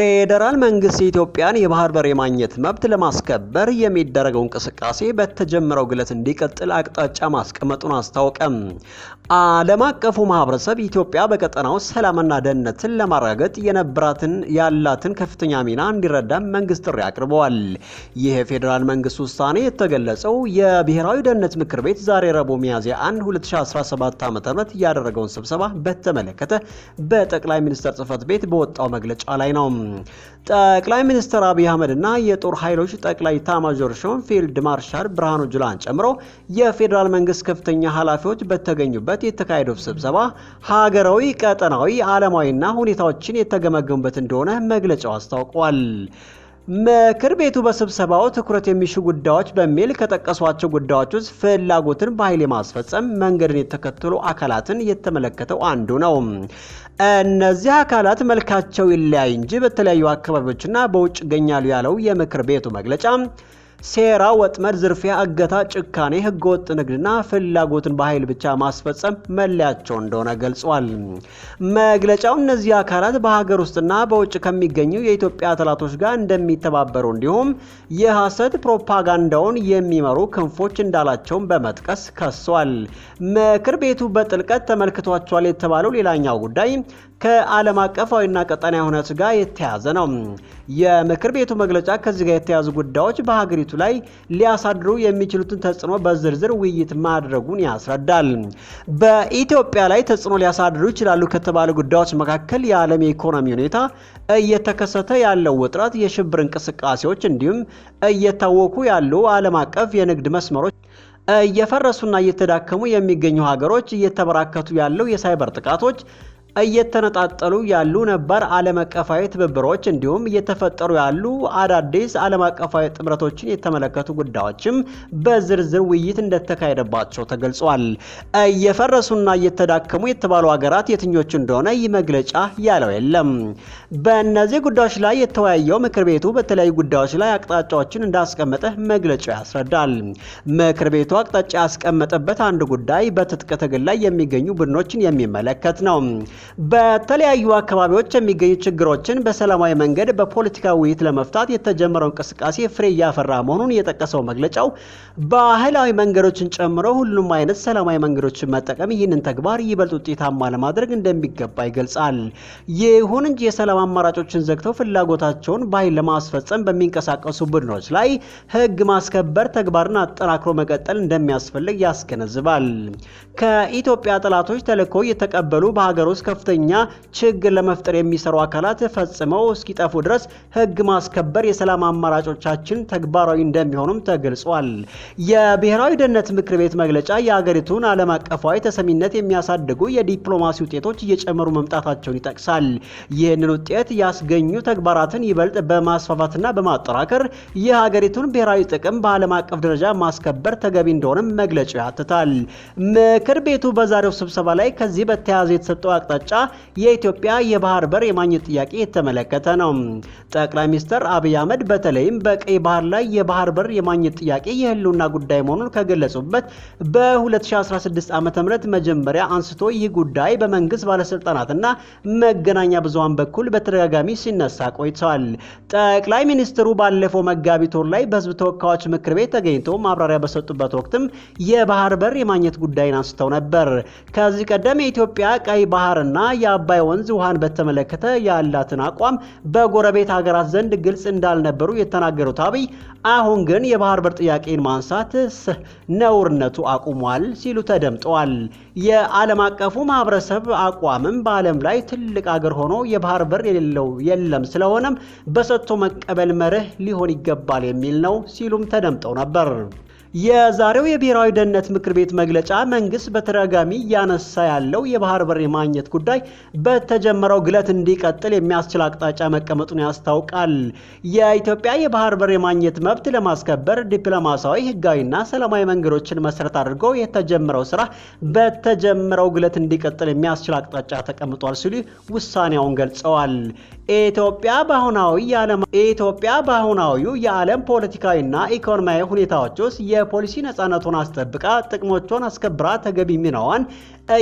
ፌዴራል መንግስት የኢትዮጵያን የባህር በር የማግኘት መብት ለማስከበር የሚደረገው እንቅስቃሴ በተጀመረው ግለት እንዲቀጥል አቅጣጫ ማስቀመጡን አስታወቀም። ዓለም አቀፉ ማህበረሰብ ኢትዮጵያ በቀጠናው ሰላምና ደህንነትን ለማረጋገጥ የነበራትን ያላትን ከፍተኛ ሚና እንዲረዳም መንግስት ጥሪ አቅርበዋል። ይህ የፌዴራል መንግስት ውሳኔ የተገለጸው የብሔራዊ ደህንነት ምክር ቤት ዛሬ ረቡዕ ሚያዝያ 1 2017 ዓ ም ያደረገውን ስብሰባ በተመለከተ በጠቅላይ ሚኒስትር ጽህፈት ቤት በወጣው መግለጫ ላይ ነው። ጠቅላይ ሚኒስትር አብይ አህመድ እና የጦር ኃይሎች ጠቅላይ ታማዦር ሹም ፊልድ ማርሻል ብርሃኑ ጁላን ጨምሮ የፌዴራል መንግስት ከፍተኛ ኃላፊዎች በተገኙበት የተካሄደው ስብሰባ ሀገራዊ፣ ቀጠናዊ፣ ዓለማዊና ሁኔታዎችን የተገመገሙበት እንደሆነ መግለጫው አስታውቋል። ምክር ቤቱ በስብሰባው ትኩረት የሚሹ ጉዳዮች በሚል ከጠቀሷቸው ጉዳዮች ውስጥ ፍላጎትን በኃይል የማስፈጸም መንገድን የተከተሉ አካላትን የተመለከተው አንዱ ነው። እነዚህ አካላት መልካቸው ይለያይ እንጂ በተለያዩ አካባቢዎችና በውጭ ይገኛሉ ያለው የምክር ቤቱ መግለጫ ሴራ፣ ወጥመድ፣ ዝርፊያ፣ እገታ፣ ጭካኔ፣ ህገወጥ ንግድና ፍላጎትን በኃይል ብቻ ማስፈጸም መለያቸው እንደሆነ ገልጿል። መግለጫው እነዚህ አካላት በሀገር ውስጥና በውጭ ከሚገኙ የኢትዮጵያ ጠላቶች ጋር እንደሚተባበሩ እንዲሁም የሐሰት ፕሮፓጋንዳውን የሚመሩ ክንፎች እንዳላቸውን በመጥቀስ ከሷል። ምክር ቤቱ በጥልቀት ተመልክቷቸዋል የተባለው ሌላኛው ጉዳይ ከዓለም አቀፋዊና ቀጠናዊ ሁነት ጋር የተያዘ ነው። የምክር ቤቱ መግለጫ ከዚህ ጋር የተያዙ ጉዳዮች በሀገሪቱ በሀገሪቱ ላይ ሊያሳድሩ የሚችሉትን ተጽዕኖ በዝርዝር ውይይት ማድረጉን ያስረዳል። በኢትዮጵያ ላይ ተጽዕኖ ሊያሳድሩ ይችላሉ ከተባሉ ጉዳዮች መካከል የዓለም የኢኮኖሚ ሁኔታ፣ እየተከሰተ ያለው ውጥረት፣ የሽብር እንቅስቃሴዎች እንዲሁም እየታወኩ ያሉ ዓለም አቀፍ የንግድ መስመሮች እየፈረሱና እየተዳከሙ የሚገኙ ሀገሮች፣ እየተበራከቱ ያለው የሳይበር ጥቃቶች እየተነጣጠሉ ያሉ ነባር ዓለም አቀፋዊ ትብብሮች እንዲሁም እየተፈጠሩ ያሉ አዳዲስ ዓለም አቀፋዊ ጥምረቶችን የተመለከቱ ጉዳዮችም በዝርዝር ውይይት እንደተካሄደባቸው ተገልጿል። እየፈረሱና እየተዳከሙ የተባሉ ሀገራት የትኞቹ እንደሆነ ይህ መግለጫ ያለው የለም። በእነዚህ ጉዳዮች ላይ የተወያየው ምክር ቤቱ በተለያዩ ጉዳዮች ላይ አቅጣጫዎችን እንዳስቀመጠ መግለጫው ያስረዳል። ምክር ቤቱ አቅጣጫ ያስቀመጠበት አንድ ጉዳይ በትጥቅ ትግል ላይ የሚገኙ ቡድኖችን የሚመለከት ነው። በተለያዩ አካባቢዎች የሚገኙ ችግሮችን በሰላማዊ መንገድ በፖለቲካ ውይይት ለመፍታት የተጀመረው እንቅስቃሴ ፍሬ እያፈራ መሆኑን የጠቀሰው መግለጫው ባህላዊ መንገዶችን ጨምሮ ሁሉም አይነት ሰላማዊ መንገዶችን መጠቀም ይህንን ተግባር ይበልጥ ውጤታማ ለማድረግ እንደሚገባ ይገልጻል። ይሁን እንጂ የሰላም አማራጮችን ዘግተው ፍላጎታቸውን በኃይል ለማስፈጸም በሚንቀሳቀሱ ቡድኖች ላይ ህግ ማስከበር ተግባርን አጠናክሮ መቀጠል እንደሚያስፈልግ ያስገነዝባል። ከኢትዮጵያ ጠላቶች ተልዕኮ የተቀበሉ በሀገር ውስጥ ከፍተኛ ችግር ለመፍጠር የሚሰሩ አካላት ፈጽመው እስኪጠፉ ድረስ ህግ ማስከበር የሰላም አማራጮቻችን ተግባራዊ እንደሚሆኑም ተገልጿል። የብሔራዊ ደህንነት ምክር ቤት መግለጫ የአገሪቱን ዓለም አቀፋዊ ተሰሚነት የሚያሳድጉ የዲፕሎማሲ ውጤቶች እየጨመሩ መምጣታቸውን ይጠቅሳል። ይህንን ውጤት ያስገኙ ተግባራትን ይበልጥ በማስፋፋትና በማጠራከር የሀገሪቱን ብሔራዊ ጥቅም በዓለም አቀፍ ደረጃ ማስከበር ተገቢ እንደሆነም መግለጫው ያትታል። ምክር ቤቱ በዛሬው ስብሰባ ላይ ከዚህ በተያያዘ የተሰጠው አቅጣጫ አቅጣጫ የኢትዮጵያ የባህር በር የማግኘት ጥያቄ የተመለከተ ነው። ጠቅላይ ሚኒስትር አብይ አህመድ በተለይም በቀይ ባህር ላይ የባህር በር የማግኘት ጥያቄ የህልውና ጉዳይ መሆኑን ከገለጹበት በ2016 ዓ ም መጀመሪያ አንስቶ ይህ ጉዳይ በመንግስት ባለስልጣናትና መገናኛ ብዙሀን በኩል በተደጋጋሚ ሲነሳ ቆይተዋል። ጠቅላይ ሚኒስትሩ ባለፈው መጋቢት ወር ላይ በህዝብ ተወካዮች ምክር ቤት ተገኝተው ማብራሪያ በሰጡበት ወቅትም የባህር በር የማግኘት ጉዳይን አንስተው ነበር። ከዚህ ቀደም የኢትዮጵያ ቀይ ባህር እና የአባይ ወንዝ ውሃን በተመለከተ ያላትን አቋም በጎረቤት ሀገራት ዘንድ ግልጽ እንዳልነበሩ የተናገሩት አብይ አሁን ግን የባህር በር ጥያቄን ማንሳት ነውርነቱ አቁሟል ሲሉ ተደምጠዋል። የዓለም አቀፉ ማህበረሰብ አቋምም በዓለም ላይ ትልቅ አገር ሆኖ የባህር በር የሌለው የለም፣ ስለሆነም በሰጥቶ መቀበል መርህ ሊሆን ይገባል የሚል ነው ሲሉም ተደምጠው ነበር። የዛሬው የብሔራዊ ደህንነት ምክር ቤት መግለጫ መንግስት በተደጋጋሚ እያነሳ ያለው የባህር በር የማግኘት ጉዳይ በተጀመረው ግለት እንዲቀጥል የሚያስችል አቅጣጫ መቀመጡን ያስታውቃል። የኢትዮጵያ የባህር በር የማግኘት መብት ለማስከበር ዲፕሎማሲያዊ፣ ህጋዊና ሰላማዊ መንገዶችን መሰረት አድርጎ የተጀመረው ስራ በተጀመረው ግለት እንዲቀጥል የሚያስችል አቅጣጫ ተቀምጧል ሲሉ ውሳኔውን ገልጸዋል። ኢትዮጵያ በአሁናዊ የዓለም ኢትዮጵያ በአሁናዊው የዓለም ፖለቲካዊና ኢኮኖሚያዊ ሁኔታዎች ውስጥ ፖሊሲ ነፃነቱን አስጠብቃ ጥቅሞቿን አስከብራ ተገቢ ሚናዋን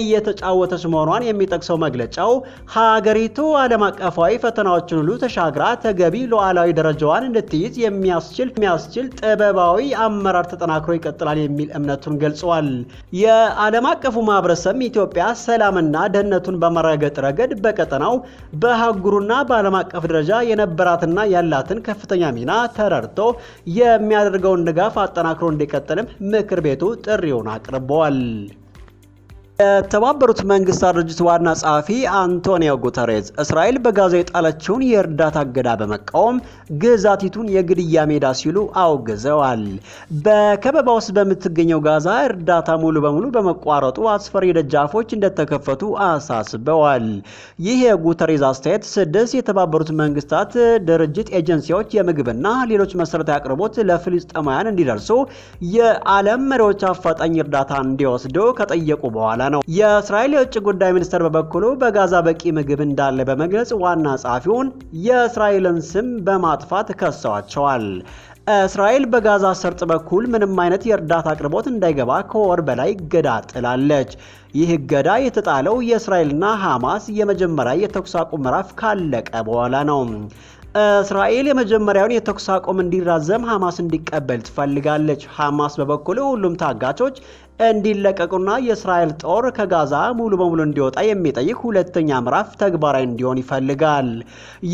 እየተጫወተች መሆኗን የሚጠቅሰው መግለጫው ሀገሪቱ ዓለም አቀፋዊ ፈተናዎችን ሁሉ ተሻግራ ተገቢ ሉዓላዊ ደረጃዋን እንድትይዝ የሚያስችል የሚያስችል ጥበባዊ አመራር ተጠናክሮ ይቀጥላል የሚል እምነቱን ገልጸዋል። የዓለም አቀፉ ማህበረሰብ ኢትዮጵያ ሰላምና ደህንነቱን በመረገጥ ረገድ በቀጠናው በአህጉሩና በዓለም አቀፍ ደረጃ የነበራትና ያላትን ከፍተኛ ሚና ተረድቶ የሚያደርገውን ድጋፍ አጠናክሮ እንዲቀጥልም ምክር ቤቱ ጥሪውን አቅርበዋል። የተባበሩት መንግስታት ድርጅት ዋና ጸሐፊ አንቶኒዮ ጉተሬዝ እስራኤል በጋዛ የጣለችውን የእርዳታ እገዳ በመቃወም ግዛቲቱን የግድያ ሜዳ ሲሉ አውግዘዋል። በከበባ ውስጥ በምትገኘው ጋዛ እርዳታ ሙሉ በሙሉ በመቋረጡ አስፈሪ ደጃፎች እንደተከፈቱ አሳስበዋል። ይህ የጉተሬዝ አስተያየት ስድስት የተባበሩት መንግስታት ድርጅት ኤጀንሲዎች የምግብና ሌሎች መሰረታዊ አቅርቦት ለፍልስጤማውያን እንዲደርሱ የዓለም መሪዎች አፋጣኝ እርዳታ እንዲወስዱ ከጠየቁ በኋላ ነው። የእስራኤል የውጭ ጉዳይ ሚኒስትር በበኩሉ በጋዛ በቂ ምግብ እንዳለ በመግለጽ ዋና ጸሐፊውን የእስራኤልን ስም በማጥፋት ከሰዋቸዋል። እስራኤል በጋዛ ሰርጥ በኩል ምንም አይነት የእርዳታ አቅርቦት እንዳይገባ ከወር በላይ ገዳ ጥላለች። ይህ እገዳ የተጣለው የእስራኤልና ሐማስ የመጀመሪያ የተኩስ አቁም ምዕራፍ ካለቀ በኋላ ነው። እስራኤል የመጀመሪያውን የተኩስ አቁም እንዲራዘም ሐማስ እንዲቀበል ትፈልጋለች። ሐማስ በበኩሉ ሁሉም ታጋቾች እንዲለቀቁና የእስራኤል ጦር ከጋዛ ሙሉ በሙሉ እንዲወጣ የሚጠይቅ ሁለተኛ ምዕራፍ ተግባራዊ እንዲሆን ይፈልጋል።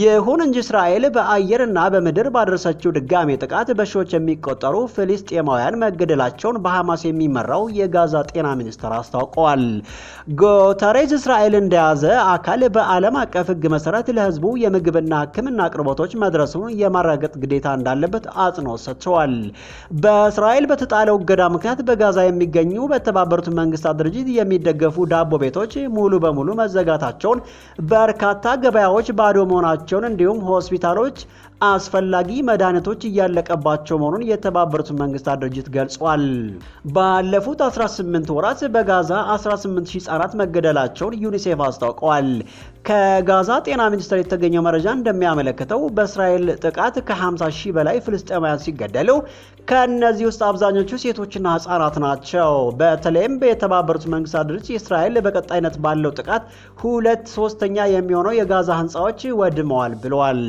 ይሁን እንጂ እስራኤል በአየርና በምድር ባደረሰችው ድጋሜ ጥቃት በሺዎች የሚቆጠሩ ፍልስጤማውያን መገደላቸውን በሐማስ የሚመራው የጋዛ ጤና ሚኒስቴር አስታውቀዋል። ጉተሬዝ እስራኤል እንደያዘ አካል በዓለም አቀፍ ሕግ መሰረት ለህዝቡ የምግብና ሕክምና አቅርቦቶች መድረሱን የማረጋገጥ ግዴታ እንዳለበት አጽንኦት ሰጥተዋል። በእስራኤል በተጣለው እገዳ ምክንያት በጋዛ የሚገኙ በተባበሩት መንግስታት ድርጅት የሚደገፉ ዳቦ ቤቶች ሙሉ በሙሉ መዘጋታቸውን፣ በርካታ ገበያዎች ባዶ መሆናቸውን እንዲሁም ሆስፒታሎች አስፈላጊ መድኃኒቶች እያለቀባቸው መሆኑን የተባበሩት መንግስታት ድርጅት ገልጿል። ባለፉት 18 ወራት በጋዛ 18 ሺህ ህጻናት መገደላቸውን ዩኒሴፍ አስታውቀዋል። ከጋዛ ጤና ሚኒስቴር የተገኘው መረጃ እንደሚያመለክተው በእስራኤል ጥቃት ከ50 ሺህ በላይ ፍልስጤማውያን ሲገደሉ ከእነዚህ ውስጥ አብዛኞቹ ሴቶችና ህጻናት ናቸው። በተለይም በተባበሩት መንግስታት ድርጅት እስራኤል በቀጣይነት ባለው ጥቃት ሁለት ሶስተኛ የሚሆነው የጋዛ ህንፃዎች ወድመዋል ብለዋል።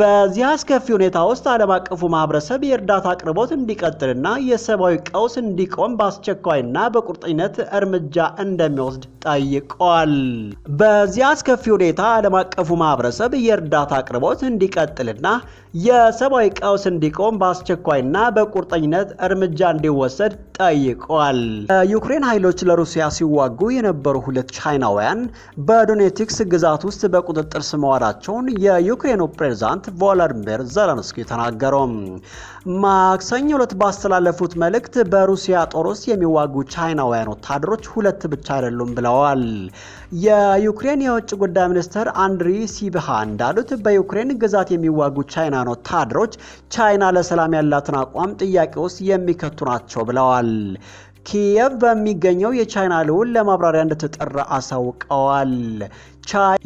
በዚህ አስከፊ ሁኔታ ውስጥ ዓለም አቀፉ ማህበረሰብ የእርዳታ አቅርቦት እንዲቀጥልና የሰብአዊ ቀውስ እንዲቆም በአስቸኳይና በቁርጠኝነት እርምጃ እንደሚወስድ ጠይቋል። በዚህ አስከፊ ሁኔታ ዓለም አቀፉ ማህበረሰብ የእርዳታ አቅርቦት እንዲቀጥልና የሰብአዊ ቀውስ እንዲቆም በአስቸኳይና በቁርጠኝነት እርምጃ እንዲወሰድ ጠይቋል። የዩክሬን ኃይሎች ለሩሲያ ሲዋጉ የነበሩ ሁለት ቻይናውያን በዶኔቲክስ ግዛት ውስጥ በቁጥጥር ስር መዋላቸውን የዩክሬኑ ፕሬዝዳንት ቮሎዲሚር ዘለንስኪ ተናገሩ። ማክሰኞ ዕለት ባስተላለፉት መልእክት በሩሲያ ጦር ውስጥ የሚዋጉ ቻይናውያን ወታደሮች ሁለት ብቻ አይደሉም ብለዋል። የዩክሬን የውጭ ጉዳይ ሚኒስትር አንድሪ ሲብሃ እንዳሉት በዩክሬን ግዛት የሚዋጉ ቻይና የሃይማኖት ታድሮች ቻይና ለሰላም ያላትን አቋም ጥያቄ ውስጥ የሚከቱ ናቸው ብለዋል። ኪየቭ በሚገኘው የቻይና ልዑል ለማብራሪያ እንደተጠራ አሳውቀዋል።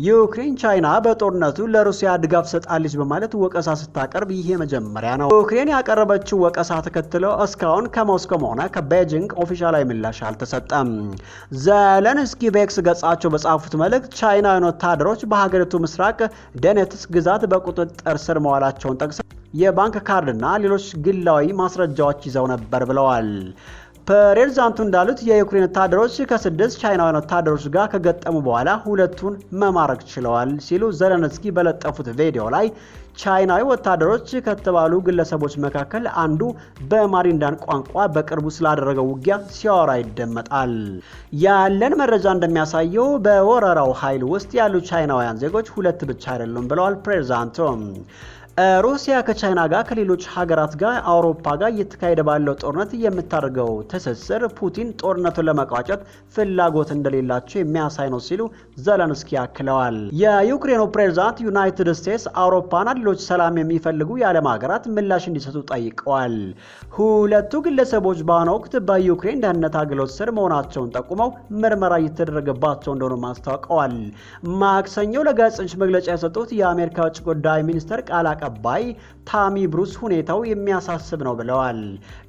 የዩክሬን ቻይና በጦርነቱ ለሩሲያ ድጋፍ ሰጣለች በማለት ወቀሳ ስታቀርብ ይህ የመጀመሪያ ነው። ዩክሬን ያቀረበችው ወቀሳ ተከትለው እስካሁን ከሞስኮም ሆነ ከቤጂንግ ኦፊሻላዊ ምላሽ አልተሰጠም። ዘለንስኪ በኤክስ ገጻቸው በጻፉት መልእክት ቻይናውያን ወታደሮች በሀገሪቱ ምስራቅ ዶኔትስክ ግዛት በቁጥጥር ስር መዋላቸውን ጠቅሰው የባንክ ካርድና ሌሎች ግላዊ ማስረጃዎች ይዘው ነበር ብለዋል። ፕሬዝዳንቱ እንዳሉት የዩክሬን ወታደሮች ከስድስት ቻይናውያን ወታደሮች ጋር ከገጠሙ በኋላ ሁለቱን መማረክ ችለዋል ሲሉ ዘለንስኪ በለጠፉት ቪዲዮ ላይ ቻይናዊ ወታደሮች ከተባሉ ግለሰቦች መካከል አንዱ በማሪንዳን ቋንቋ በቅርቡ ስላደረገው ውጊያ ሲያወራ ይደመጣል። ያለን መረጃ እንደሚያሳየው በወረራው ኃይል ውስጥ ያሉ ቻይናውያን ዜጎች ሁለት ብቻ አይደሉም ብለዋል ፕሬዝዳንቱ። ሩሲያ ከቻይና ጋር ከሌሎች ሀገራት ጋር አውሮፓ ጋር እየተካሄደ ባለው ጦርነት የምታደርገው ትስስር ፑቲን ጦርነቱን ለመቋጨት ፍላጎት እንደሌላቸው የሚያሳይ ነው ሲሉ ዘለንስኪ ያክለዋል። የዩክሬኑ ፕሬዝዳንት ዩናይትድ ስቴትስ አውሮፓና ሌሎች ሰላም የሚፈልጉ የዓለም ሀገራት ምላሽ እንዲሰጡ ጠይቀዋል። ሁለቱ ግለሰቦች በአሁኑ ወቅት በዩክሬን ደህንነት አገልግሎት ስር መሆናቸውን ጠቁመው ምርመራ እየተደረገባቸው እንደሆነ ማስታውቀዋል። ማክሰኞ ለጋዜጠኞች መግለጫ የሰጡት የአሜሪካ ውጭ ጉዳይ ሚኒስተር ቃል አቀ አቀባይ ታሚ ብሩስ ሁኔታው የሚያሳስብ ነው ብለዋል።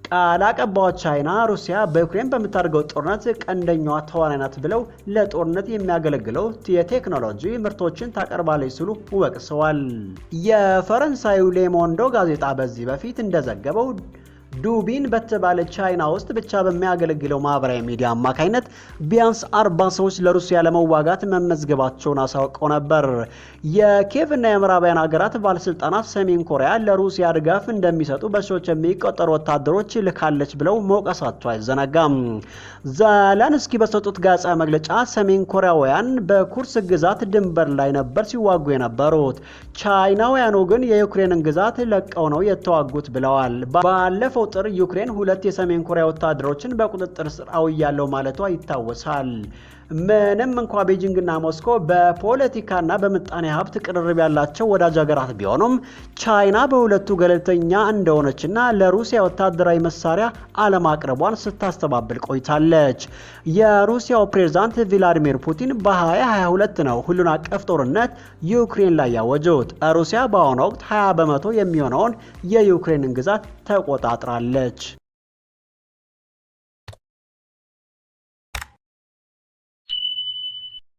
ቃል አቀባዋ ቻይና ሩሲያ በዩክሬን በምታደርገው ጦርነት ቀንደኛዋ ተዋናይ ናት ብለው ለጦርነት የሚያገለግለው የቴክኖሎጂ ምርቶችን ታቀርባለች ሲሉ ወቅሰዋል። የፈረንሳዩ ሌሞንዶ ጋዜጣ በዚህ በፊት እንደዘገበው ዱቢን በተባለ ቻይና ውስጥ ብቻ በሚያገለግለው ማህበራዊ ሚዲያ አማካኝነት ቢያንስ አርባ ሰዎች ለሩሲያ ለመዋጋት መመዝገባቸውን አሳውቀው ነበር። የኬቭና የምዕራባውያን ሀገራት ባለስልጣናት ሰሜን ኮሪያ ለሩሲያ ድጋፍ እንደሚሰጡ በሺዎች የሚቆጠሩ ወታደሮች ልካለች ብለው መውቀሳቸው አይዘነጋም። ዘለንስኪ በሰጡት ጋዜጣዊ መግለጫ ሰሜን ኮሪያውያን በኩርስ ግዛት ድንበር ላይ ነበር ሲዋጉ የነበሩት፣ ቻይናውያኑ ግን የዩክሬንን ግዛት ለቀው ነው የተዋጉት ብለዋል። ባለፈው ባለፈው ጥር ዩክሬን ሁለት የሰሜን ኮሪያ ወታደሮችን በቁጥጥር ስር አውያለው ማለቷ ይታወሳል። ምንም እንኳ ቤጂንግና ሞስኮ በፖለቲካና በምጣኔ ሀብት ቅርርብ ያላቸው ወዳጅ ሀገራት ቢሆኑም ቻይና በሁለቱ ገለልተኛ እንደሆነችና ለሩሲያ ወታደራዊ መሳሪያ አለማቅረቧን ስታስተባብል ቆይታለች። የሩሲያው ፕሬዝዳንት ቪላዲሚር ፑቲን በ2022 ነው ሁሉን አቀፍ ጦርነት ዩክሬን ላይ ያወጁት። ሩሲያ በአሁኑ ወቅት 20 በመቶ የሚሆነውን የዩክሬንን ግዛት ተቆጣጥራለች።